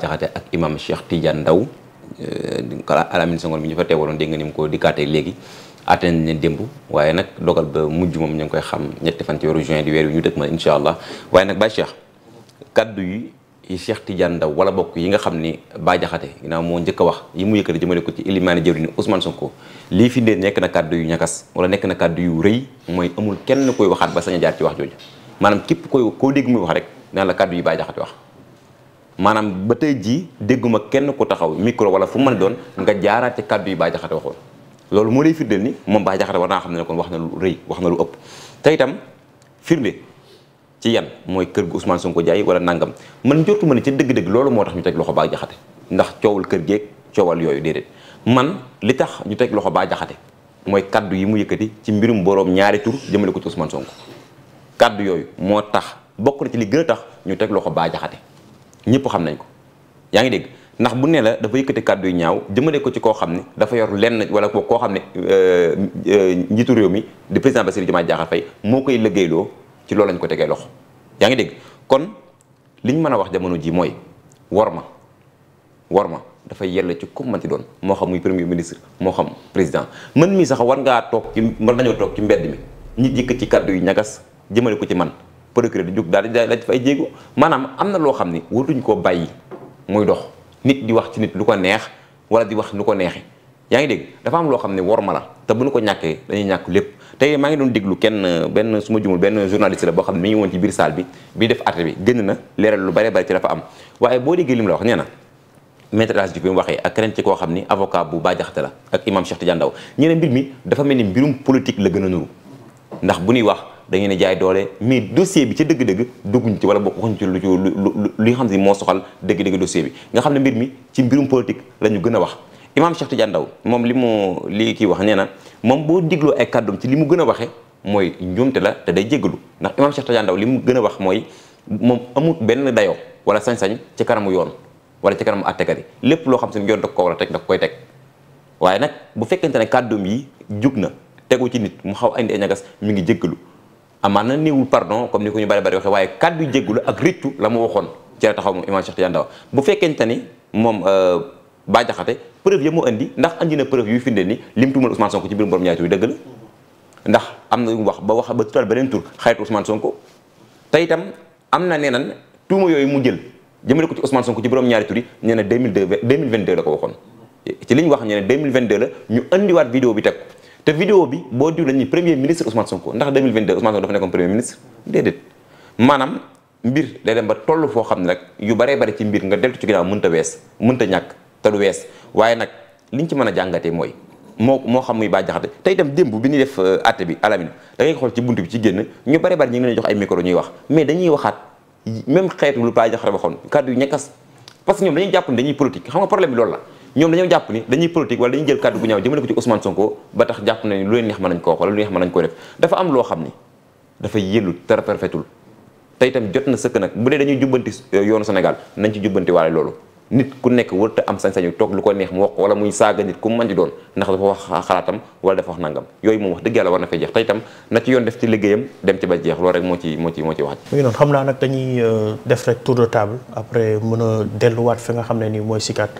jaxate ak imam Cheikh Tidiane Ndaw euh, Alamine Senghor bi ñu fa teewaloon dégg nga ni koo ko dikkaatee léegi atteint ne démb waaye nag dogal ba mujj moom ñu ngi koy xam ñetti fan ci weeru juin di weer ñu dëkk ma allah waaye nag Baye kaddu yi yi Cheikh Tidiane Ndaw wala bokk yi nga xam ni Ba Jaxate ginnaaw moo njëkk a wax yi mu yëkkati jëmale ko ci ilimaani jëwriñ Ousmane Sonko lii fi dee nekk na kaddu yu ñakas wala nekk na kàddu yu rëy mooy amul kenn koy waxaat ba sañ jaar ci wax jooju maanaam képp koy koo dégg muy wax rek naan la kaddu yi Ba Jaxate wax maanaam ba tey jii dégguma kenn ku taxaw micro wala fu mën doon nga jaaraat ci kàddu yi Bah Diakhaté waxoon loolu moo lay firndeel ni moom Bah Diakhaté war naa xam ne kon wax na lu rëy wax na lu ëpp te itam firnde ci yan mooy kër gu Ousmane Sonko jaay wala nangam man jotu ma ne ci dëgg-dëgg loolu moo tax ñu teg loxo Bah Diakhaté ndax coowul kër geeg coowal yooyu déedéet man li tax ñu teg loxo Bah mooy kaddu yi mu yëkkati ci mbirum boroom ñaari tur jëmale ko ci Ousmane Sonko kaddu yooyu moo tax bokk na ci li gën a tax ñu teg loxo Bah ñëpp xam nañ ko yaa ngi dégg ndax bu ne la dafa yëkkati kàddu yu ñaaw jëmale ko ci koo xam ne dafa yor lenn wala koo xam ne euh, euh, njiitu réew mi di président Bassirou Diomaye Diakhar Faye moo koy liggéeyloo ci loolu lañ ko tegee loxo yaa ngi dégg kon liñ mën a wax jamono ji mooy war ma war ma dafa yella ci ku ci doon moo xam muy premier ministre moo xam président man mii sax war ngaa toog ci mën nañoo toog ci mbedd mi ñu jikk ci kàddu yu ñagas jëmale ko ci man procureur di jóg daal di laaj fa ay jéego maanaam am na loo xam ni waruñ koo bàyyi muy dox nit di wax ci nit lu ko neex wala di wax lu ko neexee yaa ngi dégg dafa am loo xam ne war ma la te bu ñu ko ñàkkee dañuy ñàkk lépp tey maa ngi doon déglu kenn benn su ma jumul benn journaliste la boo xam ne mi ngi woon ci biir salle bi bi def bi gën na leeral lu bare bari ci dafa am waaye boo déggee li mu la na maître El Hadji Diouf ak keneen ci koo xam ni avocat bu Bah la ak imam Cheikh Tidiane Ndao ñeneen mbir mi dafa mel ni mbirum politique la gën a nuru ndax bu ñuy wax da ngeen jaay doole mais dossier bi ci dëgg-dëgg dugguñ ci wala boo waxuñ ci lu ci li xam si moo soxal dëgg-dëgg dossier bi nga xam ne mbir mi ci mbirum politique la ñu gën a wax Imam Cheikh Tidiane Ndao moom li mu li kii wax nee moom boo digloo ay kàddoom ci li mu gën a waxee mooy njuumte la te day jéggalu ndax Imam Cheikh Tidiane li mu gën a wax mooy moom amut benn dayoo wala sañ-sañ ci kanamu yoon wala ci kanamu àttekat yi lépp loo xam si ne yoon da ko war a teg da koy teg waaye nag bu fekkente ne kàddoom yi jug na tegu ci nit mu xaw andi ay ñagas mu ngi jéggalu amaan na néewul pardon comme ni ko ñu bari bari waxee waaye kàddu jéggulu ak riccu la mu waxoon ci la fekkente ni moom euh, Bah Diakhaté preuve ndax andi na preuve yuy finde ni lim tuumal Ousmane Sonko ci biirum borom ñaari tur yi am na yu wax ba wax ba tutal beneen tur xaritu Ousmane Sonko te itam am na nee nan yooyu mu jël jëmale ko ci Ousmane Sonko ci la ñu wax nee na 2022 la ñu andiwaat vidéo bi teg te vidéo bi boo diw lañuy premier ministre Ousmane Sonko ndax 2022 Ousmane Sonko dafa nekkoon premier ministre déedéet maanaam mbir de dem ba toll foo xam ne rek yu baree bari ci mbir nga deltu ci mun ta wees mun mënta ñàkk te du wees waaye nag li ñu ci mën a jàngatee mooy moo moo xam muy baa jaxate te itam démb bi ñuy def àtte euh, bi alamin da xool ci bunt bi ci génn ñu bare bari ñu ngi leen jox ay micro ñuy wax mais dañuy waxaat même xeetu lu baa jaxate waxoon kàddu yu ñekkas parce que ñoom ñoom dañoo jàpp ni dañuy politique wala dañuy jël kàddu gu ñaaw jëmale ko ci Ousmane Sonko ba tax jàpp na lu leen neex mën nañ koo wax wala lu neex mën nañ koo def dafa am loo xam ni dafa yëllu tara rafetul te itam jot na sëkk nag bu dee dañuy jubbanti euh, yoonu Sénégal nañ ci jubbanti loolu nit ku nekk wërta am sañ-sañu toog lu ko neex mu wax wala muy saaga nit ku di doon ndax dafa wax xalaatam wala dafa wax nangam yooyu wax dëgg yàlla war na fay jeex te na ci def ci liggéeyam dem ci ba jeex moo ci moo ci moo ci wax. mu ngi noonu xam naa nag dañuy euh, def rek tour de table après mën a delluwaat fi nga xam ne nii mooy sikaat